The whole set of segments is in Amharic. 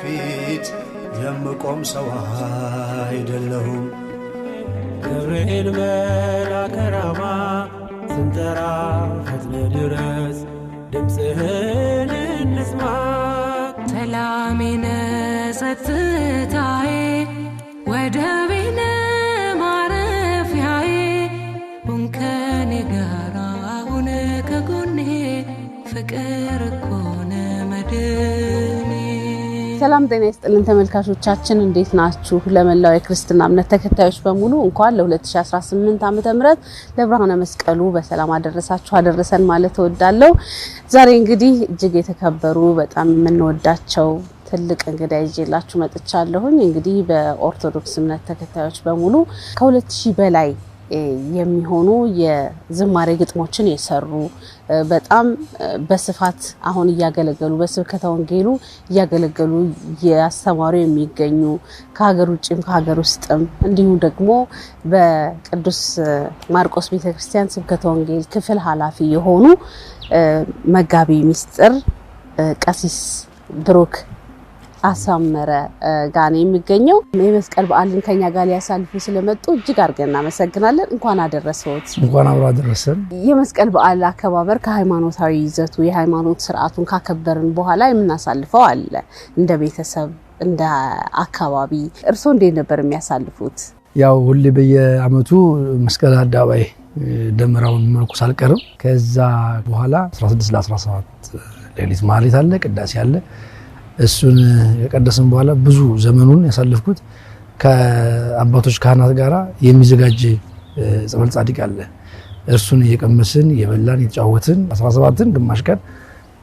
ፊት የምቆም ሰው አይደለሁም። ገብርኤል መልአከ ራማ ስንጠራ ፈጥነ ድረስ ድምፅህን እንስማ። ሰላሜነ ጸጥታዬ ወደቤነ ማረፊያዬ ሁንከኔ ጋራ ሁነ ከጎኔ ፍቅር ሰላም ጤና ይስጥልን ተመልካቾቻችን፣ እንዴት ናችሁ? ለመላው የክርስትና እምነት ተከታዮች በሙሉ እንኳን ለ2018 ዓመተ ምህረት ለብርሃነ መስቀሉ በሰላም አደረሳችሁ አደረሰን ማለት እወዳለሁ። ዛሬ እንግዲህ እጅግ የተከበሩ በጣም የምንወዳቸው ትልቅ እንግዳ ይዤላችሁ መጥቻለሁኝ። እንግዲህ በኦርቶዶክስ እምነት ተከታዮች በሙሉ ከ2000 በላይ የሚሆኑ የዝማሬ ግጥሞችን የሰሩ በጣም በስፋት አሁን እያገለገሉ በስብከተ ወንጌሉ እያገለገሉ እያስተማሩ የሚገኙ ከሀገር ውጭም ከሀገር ውስጥም እንዲሁም ደግሞ በቅዱስ ማርቆስ ቤተክርስቲያን ስብከተ ወንጌል ክፍል ኃላፊ የሆኑ መጋቢ ሚስጥር ቀሲስ ብሩክ አሳመረ ጋር ነው የሚገኘው። የመስቀል በዓልን ከኛ ጋር ሊያሳልፉ ስለመጡ እጅግ አድርገን እናመሰግናለን። እንኳን አደረሰዎት። እንኳን አብሮ አደረሰን። የመስቀል በዓል አከባበር ከሃይማኖታዊ ይዘቱ የሃይማኖት ስርዓቱን ካከበርን በኋላ የምናሳልፈው አለ እንደ ቤተሰብ እንደ አካባቢ እርስዎ እንዴት ነበር የሚያሳልፉት? ያው ሁሌ በየአመቱ መስቀል አደባባይ ደመራውን መልኩስ አልቀርም። ከዛ በኋላ 16 ለ17 ሌሊት ማህሌት አለ፣ ቅዳሴ አለ። እሱን ከቀደስን በኋላ ብዙ ዘመኑን ያሳለፍኩት ከአባቶች ካህናት ጋር የሚዘጋጅ ጸበል ጻድቅ አለ። እርሱን እየቀመስን እየበላን የተጫወትን 17ን ግማሽ ቀን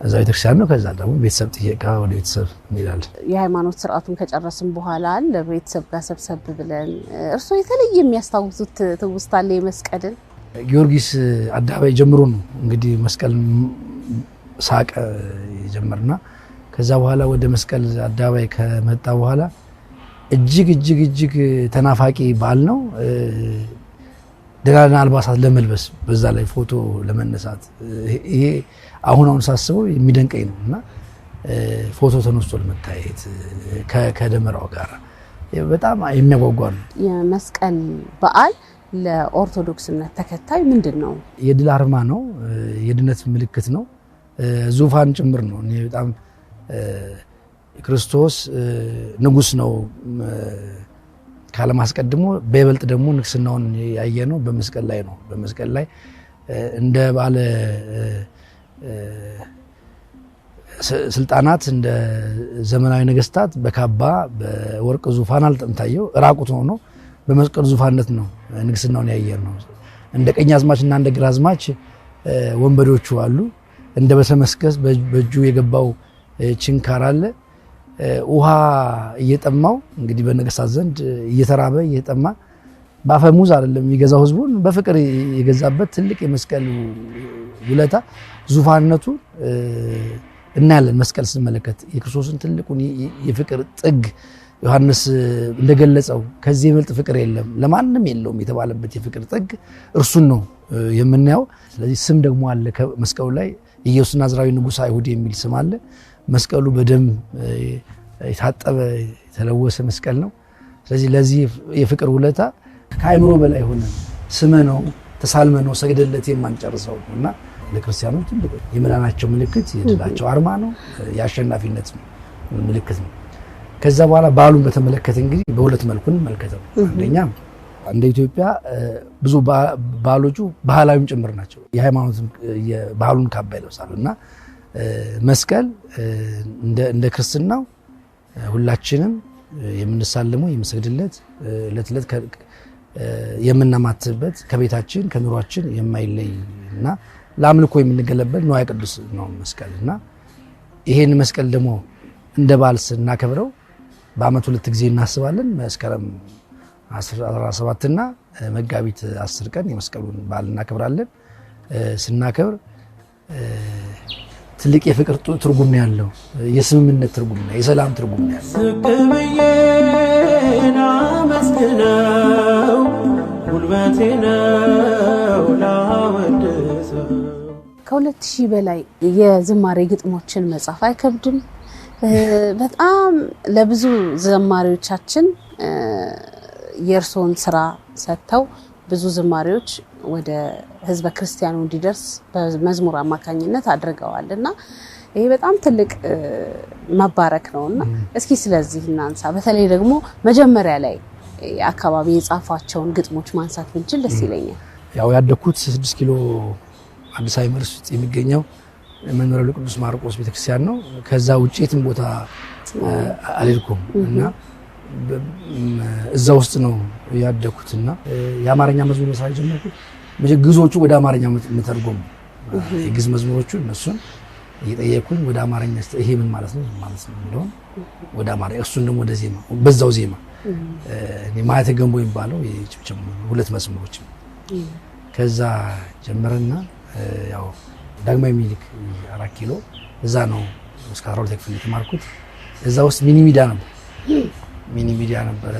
እዛ ቤተክርስቲያን ነው። ከዛ ደግሞ ቤተሰብ ጥየቃ ወደ ቤተሰብ እንሄዳለን። የሃይማኖት ስርዓቱን ከጨረስን በኋላ ለቤተሰብ ጋር ሰብሰብ ብለን እርስዎ የተለየ የሚያስታውሱት ትውስታ አለ? የመስቀልን ጊዮርጊስ አደባባይ ጀምሮ ነው እንግዲህ መስቀልን ሳቀ የጀመርና ከዛ በኋላ ወደ መስቀል አደባባይ ከመጣ በኋላ እጅግ እጅግ እጅግ ተናፋቂ በዓል ነው። ደላላና አልባሳት ለመልበስ በዛ ላይ ፎቶ ለመነሳት ይሄ አሁን አሁን ሳስበው የሚደንቀኝ ነው እና ፎቶ ተነስቶ ለመታየት ከደመራው ጋር በጣም የሚያጓጓ ነው። የመስቀል በዓል ለኦርቶዶክስ እምነት ተከታይ ምንድን ነው? የድል አርማ ነው። የድነት ምልክት ነው። ዙፋን ጭምር ነው። በጣም ክርስቶስ ንጉስ ነው ካለም አስቀድሞ በይበልጥ ደግሞ ንግስናውን ያየ ነው በመስቀል ላይ ነው። በመስቀል ላይ እንደ ባለ ስልጣናት እንደ ዘመናዊ ነገስታት በካባ በወርቅ ዙፋን አልጠንታየው ራቁት ሆኖ በመስቀል ዙፋነት ነው ንግስናውን ያየ ነው። እንደ ቀኝ አዝማች እና እንደ ግራ አዝማች ወንበዴዎቹ አሉ። እንደ በሰመስከስ በእጁ የገባው ችንካር አለ። ውሃ እየጠማው እንግዲህ በነገስታት ዘንድ እየተራበ እየጠማ በአፈሙዝ አይደለም የሚገዛው ህዝቡን በፍቅር የገዛበት ትልቅ የመስቀል ውለታ ዙፋንነቱ እናያለን። መስቀል ስንመለከት የክርስቶስን ትልቁን የፍቅር ጥግ ዮሐንስ እንደገለጸው ከዚህ የበልጥ ፍቅር የለም ለማንም የለውም የተባለበት የፍቅር ጥግ እርሱን ነው የምናየው። ስለዚህ ስም ደግሞ አለ መስቀሉ ላይ ኢየሱስ ናዝራዊ ንጉሥ አይሁድ የሚል ስም አለ። መስቀሉ በደም የታጠበ የተለወሰ መስቀል ነው። ስለዚህ ለዚህ የፍቅር ውለታ ከአይምሮ በላይ ሆነ ስመ ነው ተሳልመ ነው ሰግደለት የማንጨርሰው እና ለክርስቲያኖች ትልቅ የመዳናቸው ምልክት የድላቸው አርማ ነው፣ የአሸናፊነት ምልክት ነው። ከዛ በኋላ በዓሉን በተመለከተ እንግዲህ በሁለት መልኩ እንመልከተው። አንደኛ እንደ ኢትዮጵያ ብዙ በዓሎቹ ባህላዊም ጭምር ናቸው። የሃይማኖት ባህሉን ካባ ይለብሳሉ እና መስቀል እንደ ክርስትናው ሁላችንም የምንሳልመው የምንሰግድለት እለት እለት የምናማትበት ከቤታችን ከኑሯችን የማይለይ እና ለአምልኮ የምንገለበት ንዋየ ቅዱስ ነው መስቀል እና ይሄን መስቀል ደግሞ እንደ በዓል ስናከብረው በአመት ሁለት ጊዜ እናስባለን። መስከረም 17ና መጋቢት 10 ቀን የመስቀሉን በዓል እናከብራለን። ስናከብር ትልቅ የፍቅር ትርጉም ያለው። የስምምነት ትርጉም ነው፣ የሰላም ትርጉም ነው ያለው። ዝቅ ብዬ ላመስግነው ጉልበቴ ነው ላወድሰው። ከሁለት ሺህ በላይ የዝማሬ ግጥሞችን መጻፍ አይከብድም። በጣም ለብዙ ዘማሪዎቻችን የእርሶን ስራ ሰጥተው ብዙ ዝማሬዎች ወደ ህዝበ ክርስቲያኑ እንዲደርስ በመዝሙር አማካኝነት አድርገዋል እና ይሄ በጣም ትልቅ መባረክ ነው እና እስኪ ስለዚህ እናንሳ። በተለይ ደግሞ መጀመሪያ ላይ አካባቢ የጻፏቸውን ግጥሞች ማንሳት ብንችል ደስ ይለኛል። ያው ያደግኩት ስድስት ኪሎ አዲስ አበባ ዩኒቨርሲቲ ውስጥ የሚገኘው መኖሪያ ቅዱስ ማርቆስ ቤተክርስቲያን ነው። ከዛ ውጭ የትም ቦታ አልሄድኩም እና እዛ ውስጥ ነው ያደኩትና የአማርኛ መዝሙር መስራት ጀመርኩት። ግዞቹ ወደ አማርኛ መተርጎም የግዝ መዝሙሮቹ እነሱን እየጠየኩኝ ወደ አማርኛ ይሄ ምን ማለት ነው ማለት ነው እንደሆን ወደ አማርኛ እሱን ደግሞ ወደ ዜማ በዛው ዜማ ማየተ ገንቦ የሚባለው የጭብጭብ ሁለት መስመሮች ከዛ ጀመረና ያው ዳግማዊ ሚኒሊክ አራት ኪሎ እዛ ነው እስከ አስራ ሁለት ክፍል የተማርኩት። እዛ ውስጥ ሚኒ ሚዳ ነበር ሚኒ ሚዲያ ነበረ።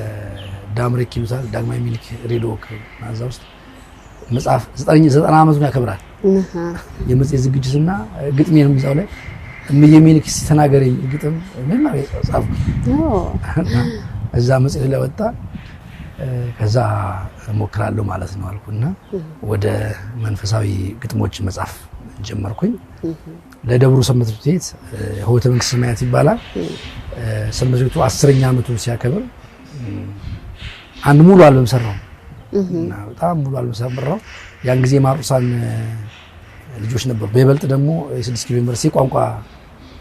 ዳምሬክ ይሉታል። ዳግማዊ ሚኒክ ሬዲዮ ከዛ ውስጥ መጽሐፍ ዘጠና ዓመቱን ያከብራል። የመጽሔት እና ግጥም ነው የሚጻው ላይ እምዬ ሚኒክ ሲተናገረኝ ግጥም ምን ነው ጻፍ እዛ መጽሔት ላይ ወጣ። ከዛ ሞክራለሁ ማለት ነው አልኩና ወደ መንፈሳዊ ግጥሞች መጻፍ ጀመርኩኝ። ለደብሩ ሰንበት ቤት ሆተ መንግስት ሰማያት ይባላል። ስምንት 10 አስረኛ ዓመቱ ሲያከብር አንድ ሙሉ አልበም ሰራው እና በጣም ሙሉ አልበም ሰራው። ያን ጊዜ ማሩሳን ልጆች ነበሩ። በይበልጥ ደግሞ የስድስት ኪሎ ዩኒቨርሲቲ ቋንቋ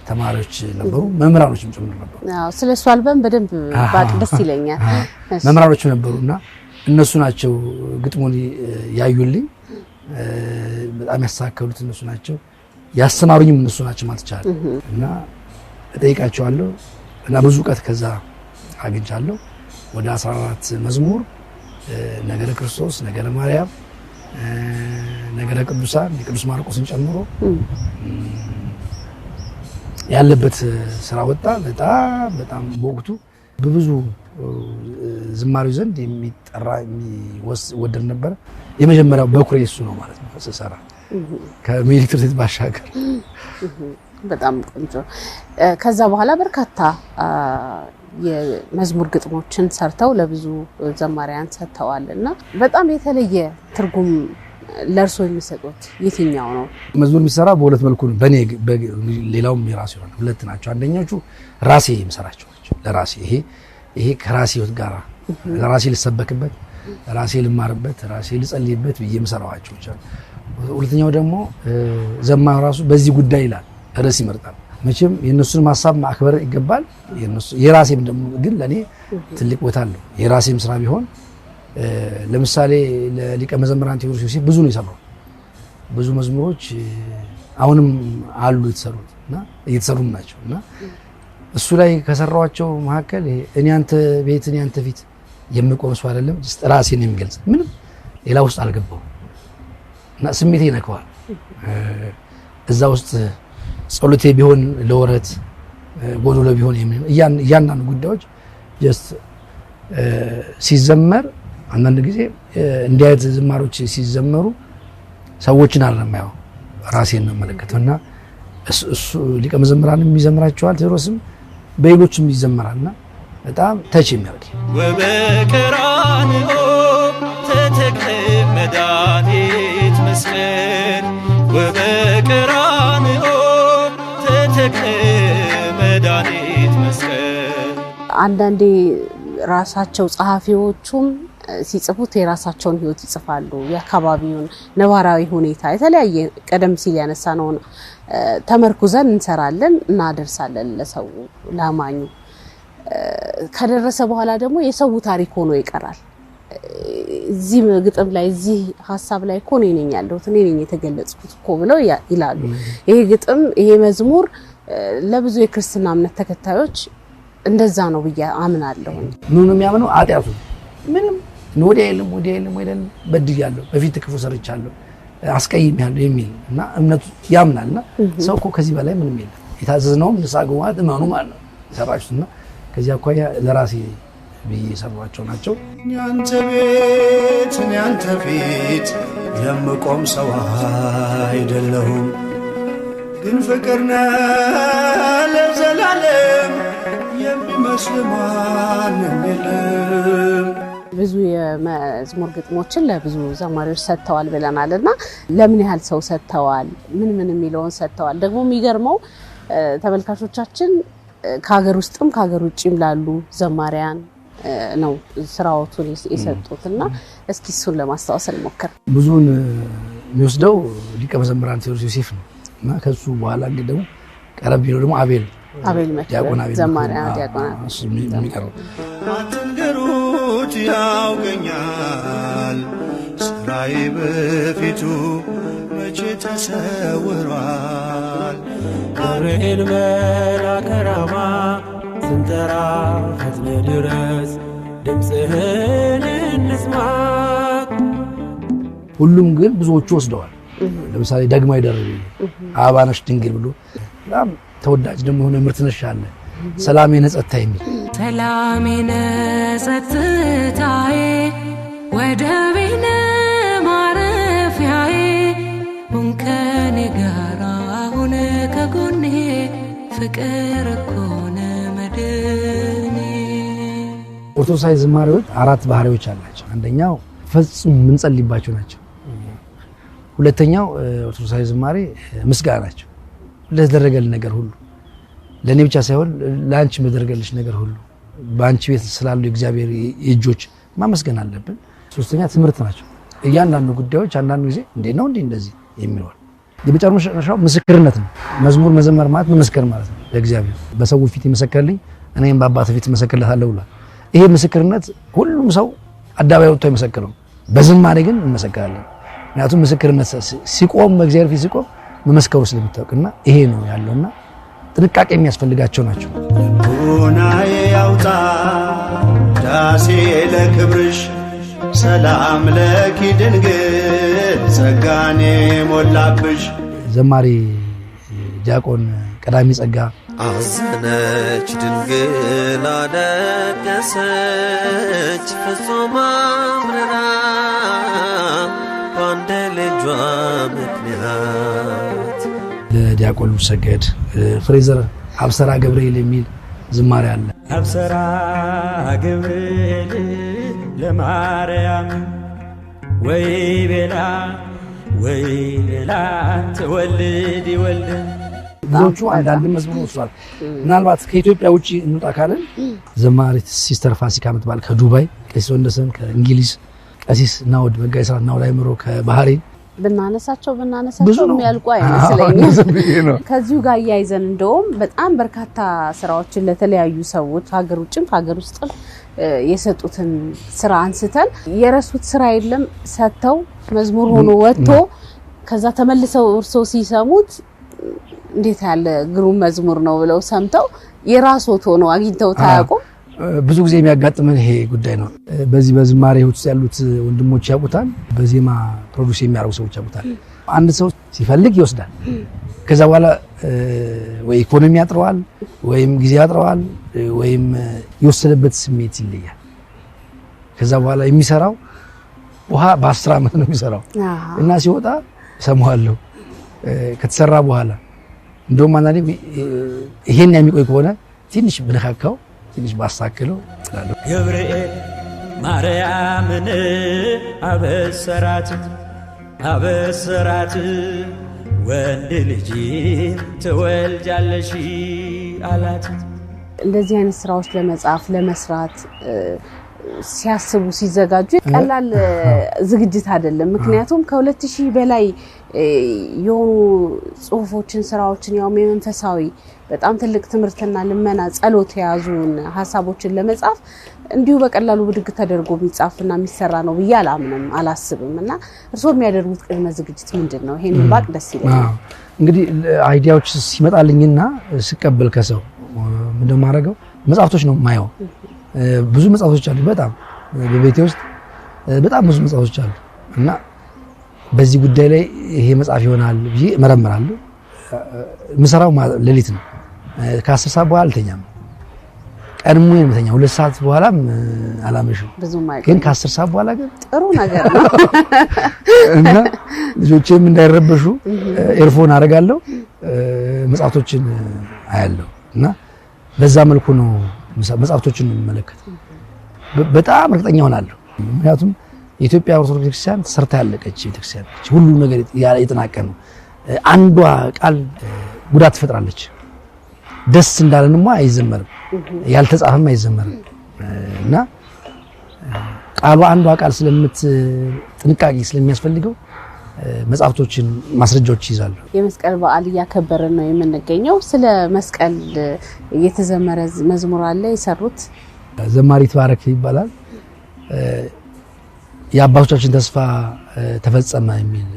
ተማሪዎች ነበሩ፣ መምህራኖችም ጭምር ነበሩ። ስለ እሱ አልበም በደንብ ባቅ ደስ ይለኛል። መምህራኖች ነበሩ እና እነሱ ናቸው ግጥሙን ያዩልኝ። በጣም ያስተካከሉት እነሱ ናቸው፣ ያስተማሩኝም እነሱ ናቸው ማለት ይቻላል እና እጠይቃቸዋለሁ እና ብዙ እውቀት ከዛ አግኝቻለሁ። ወደ 14 መዝሙር ነገረ ክርስቶስ፣ ነገረ ማርያም፣ ነገረ ቅዱሳን የቅዱስ ማርቆስን ጨምሮ ያለበት ስራ ወጣ። በጣም በጣም በወቅቱ በብዙ ዝማሪው ዘንድ የሚጠራ የሚወደድ ነበር። የመጀመሪያው በኩሬ እሱ ነው ማለት ነው ስሰራ ከሚሊትሪት ባሻገር በጣም ቆንጆ። ከዛ በኋላ በርካታ የመዝሙር ግጥሞችን ሰርተው ለብዙ ዘማሪያን ሰጥተዋል እና በጣም የተለየ ትርጉም ለእርሶ የሚሰጡት የትኛው ነው? መዝሙር የሚሰራ በሁለት መልኩ በእኔ ሌላውም የራሱ የሆነ ሁለት ናቸው። አንደኛዎቹ ራሴ የምሰራቸው ናቸው። ለራሴ ይሄ ይሄ ከራሴ ህይወት ጋር ራሴ ልሰበክበት፣ ራሴ ልማርበት፣ ራሴ ልጸልይበት ብዬ የምሰራዋቸው። ሁለተኛው ደግሞ ዘማ ራሱ በዚህ ጉዳይ ይላል ርዕስ ይመርጣል። መቼም የእነሱን ሀሳብ ማክበር ይገባል። የራሴም ደግሞ ግን ለእኔ ትልቅ ቦታ አለው። የራሴም ስራ ቢሆን ለምሳሌ ለሊቀ መዘምራን ቴዎድሮስ ዮሴፍ ብዙ ነው የሰራው። ብዙ መዝሙሮች አሁንም አሉ የተሰሩት እና እየተሰሩም ናቸው እና እሱ ላይ ከሰራዋቸው መካከል እኔ አንተ ቤት እኔ አንተ ፊት የምቆም ሰው አይደለም። ራሴን የሚገልጽ ምንም ሌላ ውስጥ አልገባው እና ስሜቴ ይነከዋል እዛ ውስጥ ጸሎቴ ቢሆን ለወረት ጎዶሎ ቢሆን እያንዳንዱ ጉዳዮች ጀስት ሲዘመር አንዳንድ ጊዜ እንዲህ አይነት ዝማሮች ሲዘመሩ ሰዎችን አልረማየው ራሴን ነው መለከተው እና እሱ ሊቀ መዘምራንም ይዘምራቸዋል ቴዎድሮስም በሌሎችም ይዘመራልና በጣም ተች የሚያደርግ ወበቀራንዮ ተተክለ መድኃኒት መስቀል መድኃኒት መስቀል። አንዳንዴ ራሳቸው ጸሐፊዎቹም ሲጽፉት የራሳቸውን ህይወት ይጽፋሉ። የአካባቢውን ነባራዊ ሁኔታ የተለያየ ቀደም ሲል ያነሳ ተመርኩዘን እንሰራለን፣ እናደርሳለን ለሰው ላማኙ። ከደረሰ በኋላ ደግሞ የሰው ታሪክ ሆኖ ይቀራል። እዚህ ግጥም ላይ እዚህ ሀሳብ ላይ እኮ እኔ ነኝ ያለሁት እኔ ነኝ የተገለጽኩት እኮ ብለው ይላሉ። ይሄ ግጥም ይሄ መዝሙር ለብዙ የክርስትና እምነት ተከታዮች እንደዛ ነው ብዬ አምናለሁ። ምኑ ነው የሚያምኑ አጥያቱ ምንም ወዲያ የለም ወዲያ የለም ወይደን በድያለሁ፣ በፊት ክፉ ሰርቻለሁ፣ አስቀይሜያለሁ የሚል እና እምነቱ ያምናል። ያምናልና ሰው እኮ ከዚህ በላይ ምንም የለም። የታዘዝነውም ንስሐ ግቡ ማለት እመኑ ማለት ነው የሰራችሁት እና ከዚህ አኳያ ለራሴ ብዬ የሰሯቸው ናቸው። ያንተ ቤት ያንተ ፊት የምቆም ሰው አይደለሁም ግን ፍቅርነ ለዘላለም የሚመስል ማንም የለም። ብዙ የመዝሙር ግጥሞችን ለብዙ ዘማሪዎች ሰጥተዋል ብለናል እና ለምን ያህል ሰው ሰጥተዋል፣ ምን ምን የሚለውን ሰጥተዋል። ደግሞ የሚገርመው ተመልካቾቻችን ከሀገር ውስጥም ከሀገር ውጭም ላሉ ዘማሪያን ነው ስራዎቱን የሰጡት እና እስኪ እሱን ለማስታወስ እንሞክር። ብዙውን የሚወስደው ሊቀ መዘምራን ቴዎድሮስ ዮሴፍ ነው። እና ከሱ በኋላ እንግዲህ ደግሞ ቀረብ ቢለው ደግሞ አቤል አቤል ዲያቆን አቤል የሚቀርበው አትንገሩት ያውገኛል ስራዬ በፊቱ መቼ ተሰውሯል። ገብርኤል በላከራማ ስንጠራ ፈትነ ድረስ ድምፅህን እንስማ። ሁሉም ግን ብዙዎቹ ወስደዋል። ለምሳሌ ደግሞ አይደረግ አበባ ነሽ ድንግል ብሎ በጣም ተወዳጅ ደግሞ የሆነ ምርት ነሽ አለ ሰላሜ ነጸታ የሚል ሰላሜ ነጸትታዬ ወደቤነ ማረፊያዬ ሁንከኔ ጋራ ሁነ ከጎኔ ፍቅር ኮነ መድኔ። ኦርቶዶክሳዊ ዝማሬዎች አራት ባህሪዎች አላቸው። አንደኛው ፈጹም የምንጸልይባቸው ናቸው። ሁለተኛው ኦርቶዶክሳዊ ዝማሬ ምስጋናቸው ለተደረገልን ነገር ሁሉ ለእኔ ብቻ ሳይሆን ለአንቺ መደረገልሽ ነገር ሁሉ በአንቺ ቤት ስላሉ የእግዚአብሔር እጆች ማመስገን አለብን። ሶስተኛ ትምህርት ናቸው። እያንዳንዱ ጉዳዮች አንዳንዱ ጊዜ እንዴ ነው እንዲህ እንደዚህ የሚለዋል የመጨረሻው ምስክርነት ነው። መዝሙር መዘመር ማለት መመስከር ማለት ነው። ለእግዚአብሔር በሰው ፊት ይመሰከርልኝ እኔም በአባት ፊት እመሰክርልሃለሁ ብሏል። ይሄ ምስክርነት ሁሉም ሰው አደባባይ ወጥቶ አይመሰክርም። በዝማሬ ግን እንመሰክራለን። ምክንያቱም ምስክርነት ሲቆም በእግዚአብሔር ፊት ሲቆም መመስከሩ ስለሚታወቅና ይሄ ነው ያለውና ጥንቃቄ የሚያስፈልጋቸው ናቸው። ልቡናዬ ያውጣ ዳሴ ለክብርሽ፣ ሰላም ለኪ ድንግል፣ ጸጋኔ ሞላብሽ። ዘማሪ ዲያቆን ቀዳሚ ጸጋ አዘነች ድንግል አለቀሰች ፍጹማ ምክንያት ለዲያቆን ሰገድ ፍሬዘር አብሰራ ገብርኤል የሚል ዝማሬ አለ። አብሰራ ገብርኤል ለማርያም ወይ ቤላ ወይ ቤላ ተወልድ ይወልድ ብዙዎቹ አንዳንድ መዝሙር ወስዷል። ምናልባት ከኢትዮጵያ ውጭ እንውጣ ካለን ዘማሪት ሲስተር ፋሲካ ምትባል ከዱባይ፣ ቀሲስ ወንደሰን ከእንግሊዝ፣ ቀሲስ እናወድ መጋይ ስራት እናወድ አይምሮ ከባህሬን ብናነሳቸው ብናነሳቸው የሚያልቁ አይመስለኝም። ከዚሁ ጋር እያይዘን እንደውም በጣም በርካታ ስራዎችን ለተለያዩ ሰዎች ሀገር ውጭም ሀገር ውስጥም የሰጡትን ስራ አንስተን የረሱት ስራ የለም ሰጥተው መዝሙር ሆኖ ወጥቶ ከዛ ተመልሰው እርሶ ሲሰሙት እንዴት ያለ ግሩም መዝሙር ነው ብለው ሰምተው የራስዎት ሆኖ አግኝተው ታያውቁም? ብዙ ጊዜ የሚያጋጥመን ይሄ ጉዳይ ነው። በዚህ በዝማሬ ውስጥ ያሉት ወንድሞች ያውቁታል። በዜማ ፕሮዲስ የሚያደርጉ ሰዎች ያውቁታል። አንድ ሰው ሲፈልግ ይወስዳል። ከዛ በኋላ ወይ ኢኮኖሚ ያጥረዋል፣ ወይም ጊዜ ያጥረዋል፣ ወይም የወሰደበት ስሜት ይለያል። ከዛ በኋላ የሚሰራው ውሃ በአስር ዓመት ነው የሚሰራው እና ሲወጣ እሰማዋለሁ ከተሰራ በኋላ እንደውም አንዳንዴ ይሄን የሚቆይ ከሆነ ትንሽ ብነካካው ትንሽ ባሳክለው ትላለ ገብርኤል ማርያምን አበሰራት አበሰራት ወንድ ልጅ ትወልጃለሽ አላት። እንደዚህ አይነት ስራዎች ለመጻፍ ለመስራት ሲያስቡ ሲዘጋጁ ቀላል ዝግጅት አይደለም። ምክንያቱም ከሁለት ሺህ በላይ የሆኑ ጽሁፎችን፣ ስራዎችን ያውም የመንፈሳዊ በጣም ትልቅ ትምህርትና ልመና፣ ጸሎት የያዙን ሀሳቦችን ለመጻፍ እንዲሁ በቀላሉ ብድግ ተደርጎ የሚጻፍና የሚሰራ ነው ብዬ አላምንም አላስብም። እና እርስዎ የሚያደርጉት ቅድመ ዝግጅት ምንድን ነው? ይሄን ባቅ ደስ ይለኛል። እንግዲህ አይዲያዎች ሲመጣልኝና ስቀበል ከሰው ምንድን ማድረገው መጽሐፍቶች ነው ማየው ብዙ መጽሐፎች አሉ። በጣም በቤቴ ውስጥ በጣም ብዙ መጽሐፎች አሉ እና በዚህ ጉዳይ ላይ ይሄ መጽሐፍ ይሆናል ብዬ እመረምራለሁ። ምሰራው ሌሊት ነው። ከአስር ሰዓት በኋላ አልተኛም። ቀን ሙሉ የምተኛ ሁለት ሰዓት በኋላም አላመሽም። ግን ከአስር ሰዓት በኋላ ግን ጥሩ ነገር ነው እና ልጆቼም እንዳይረበሹ ኤርፎን አደርጋለሁ፣ መጽሐፎችን አያለሁ እና በዛ መልኩ ነው መጽሐፍቶችን እንመለከት በጣም እርግጠኛ ሆናለሁ። ምክንያቱም የኢትዮጵያ ኦርቶዶክስ ቤተክርስቲያን ተሰርታ ያለቀች ቤተክርስቲያን ነች። ሁሉ ነገር የተናቀ ነው። አንዷ ቃል ጉዳት ትፈጥራለች። ደስ እንዳለንማ አይዘመርም፣ ያልተጻፈም አይዘመርም እና ቃሉ አንዷ ቃል ስለምት ጥንቃቄ ስለሚያስፈልገው መጽሐፍቶችን፣ ማስረጃዎች ይዛሉ። የመስቀል በዓል እያከበርን ነው የምንገኘው። ስለ መስቀል የተዘመረ መዝሙር አለ የሰሩት ዘማሪ ተባረክ ይባላል። የአባቶቻችን ተስፋ ተፈጸመ የሚል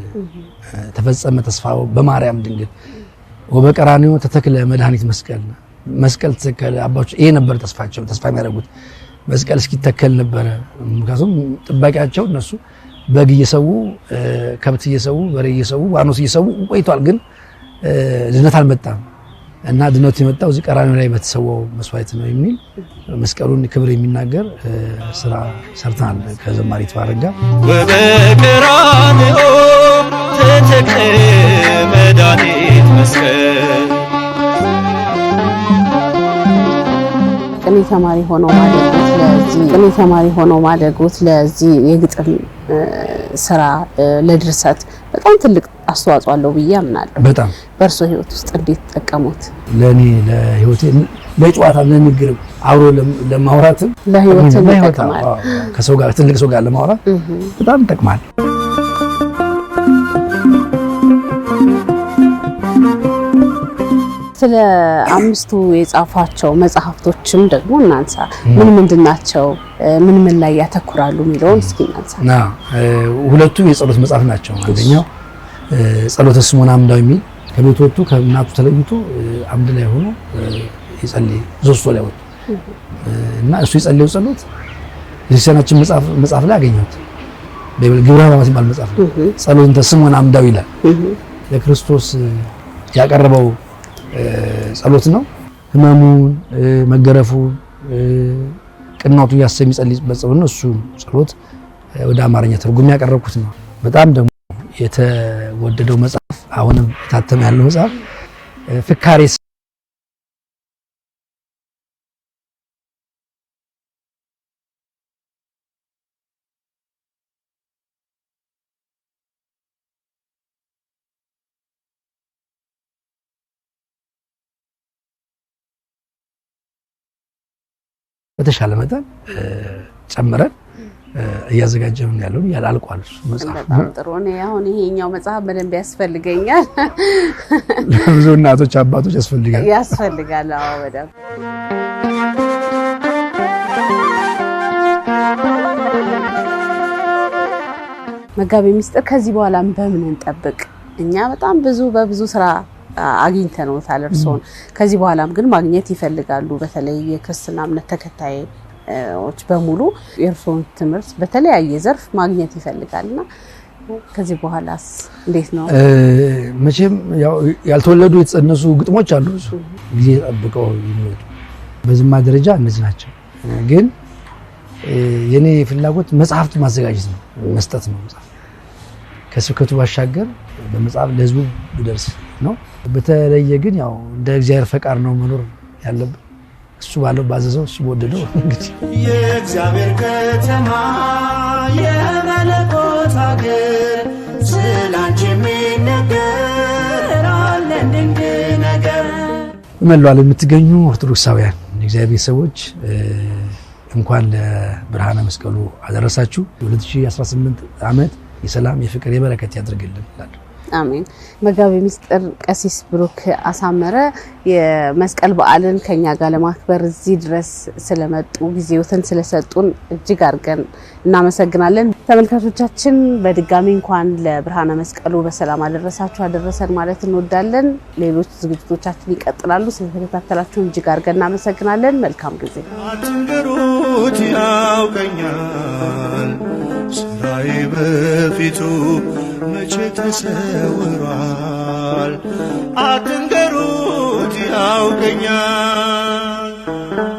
ተፈጸመ ተስፋ በማርያም ድንግል ወበቀራኒዮ ተተክለ መድኃኒት መስቀል መስቀል ተተከለ። አባቶች ይሄ ነበር ተስፋቸው፣ ተስፋ የሚያደርጉት መስቀል እስኪተከል ነበረ። ምክንያቱም ጥባቂያቸው እነሱ በግ እየሰዉ ከብት እየሰዉ በሬ እየሰዉ ዋኖስ እየሰዉ ቆይቷል። ግን ድነት አልመጣም እና ድነቱ የመጣው እዚህ ቀራንዮ ላይ በተሰዋው መስዋዕት ነው የሚል መስቀሉን ክብር የሚናገር ስራ ሰርተናል ከዘማሪ ተባረጋ ጋር ወበቀራንዮ ተተክለ መድኃኒት መስቀል ቅኔ ተማሪ ሆኖ ማደጉ ስለዚህ ቅኔ ተማሪ ሆኖ ማደጎ ስለዚህ የግጥም ስራ ለድርሰት በጣም ትልቅ አስተዋጽኦ አለው ብዬ አምናለሁ። በጣም በእርሶ ህይወት ውስጥ እንዴት ተጠቀሙት? ለእኔ ለህይወቴ፣ ለጨዋታ፣ ለንግግርም አብሮ ለማውራትም ለህይወት ከሰው ጋር ትልቅ ሰው ጋር ለማውራት በጣም ይጠቅማል። ስለ አምስቱ የጻፏቸው መጽሐፍቶችም ደግሞ እናንሳ። ምን ምንድን ናቸው? ምን ምን ላይ ያተኩራሉ የሚለውን እስኪ እናንሳ። ሁለቱም የጸሎት መጽሐፍ ናቸው። አንደኛው ጸሎተ ስምዖን አምዳው የሚል ከቤት ወጥቶ ከእናቱ ተለይቶ አምድ ላይ ሆኖ ይጸልይ ዞስቶ ላይ ወጥቶ እና እሱ የጸለየው ጸሎት የክርስቲያናችን መጽሐፍ ላይ አገኘሁት። ግብረ ሕማማት የሚባል መጽሐፍ ጸሎተ ስምዖን አምዳው ይላል ለክርስቶስ ያቀረበው ጸሎት ነው። ህመሙን፣ መገረፉን፣ ቅናቱ እያሰብ የሚጸልይበት ጸሎት ነው። እሱ ጸሎት ወደ አማርኛ ትርጉም ያቀረብኩት ነው። በጣም ደግሞ የተወደደው መጽሐፍ አሁንም የታተመ ያለው መጽሐፍ ፍካሬ በተሻለ መጠን ጨምረን እያዘጋጀም ያለውን ያላልቋል። አልቋል መጽሐፍ። በጣም ጥሩ ነው። አሁን ይሄኛው መጽሐፍ በደንብ ያስፈልገኛል። ለብዙ እናቶች አባቶች ያስፈልጋል ያስፈልጋል። አዎ በደንብ መጋቢ ምስጢር ከዚህ በኋላ በምን እንጠብቅ? እኛ በጣም ብዙ በብዙ ስራ አግኝተነውታል እርስዎን። ከዚህ በኋላም ግን ማግኘት ይፈልጋሉ። በተለይ የክርስትና እምነት ተከታዮች በሙሉ የእርስዎን ትምህርት በተለያየ ዘርፍ ማግኘት ይፈልጋልና ከዚህ በኋላስ እንዴት ነው? መቼም ያልተወለዱ የተጸነሱ ግጥሞች አሉ። ብዙ ጊዜ ጠብቀው የሚወጡ በዝማ ደረጃ እነዚህ ናቸው። ግን የእኔ ፍላጎት መጽሐፍት ማዘጋጀት ነው፣ መስጠት ነው። መጽሐፍ ከስብከቱ ባሻገር በመጽሐፍ ለህዝቡ ብደርስ ነው። በተለየ ግን ያው እንደ እግዚአብሔር ፈቃድ ነው መኖር ያለብን። እሱ ባለው ባዘዘው እሱ በወደደው እንግዲህ የእግዚአብሔር ከተማ የመለኮት አገር ስላንቺ የሚነገር አለ ድንቅ ነገር። በመላው ዓለም የምትገኙ ኦርቶዶክሳውያን እግዚአብሔር ሰዎች እንኳን ለብርሃነ መስቀሉ አደረሳችሁ የ2018 ዓመት የሰላም የፍቅር የበረከት ያድርግልን እላለሁ። አሜን። መጋቢ ምስጢር ቀሲስ ብሩክ አሳመረ የመስቀል በዓልን ከኛ ጋር ለማክበር እዚህ ድረስ ስለመጡ ጊዜውትን ስለሰጡን እጅግ አድርገን እናመሰግናለን። ተመልካቾቻችን በድጋሚ እንኳን ለብርሃነ መስቀሉ በሰላም አደረሳችሁ አደረሰን ማለት እንወዳለን። ሌሎች ዝግጅቶቻችን ይቀጥላሉ። ስለተከታተላችሁን እጅግ አድርገን እናመሰግናለን። መልካም ጊዜ ስራዬ በፊቱ መቼ ተሰውሯል? አትንገሩት ያውቀኛል።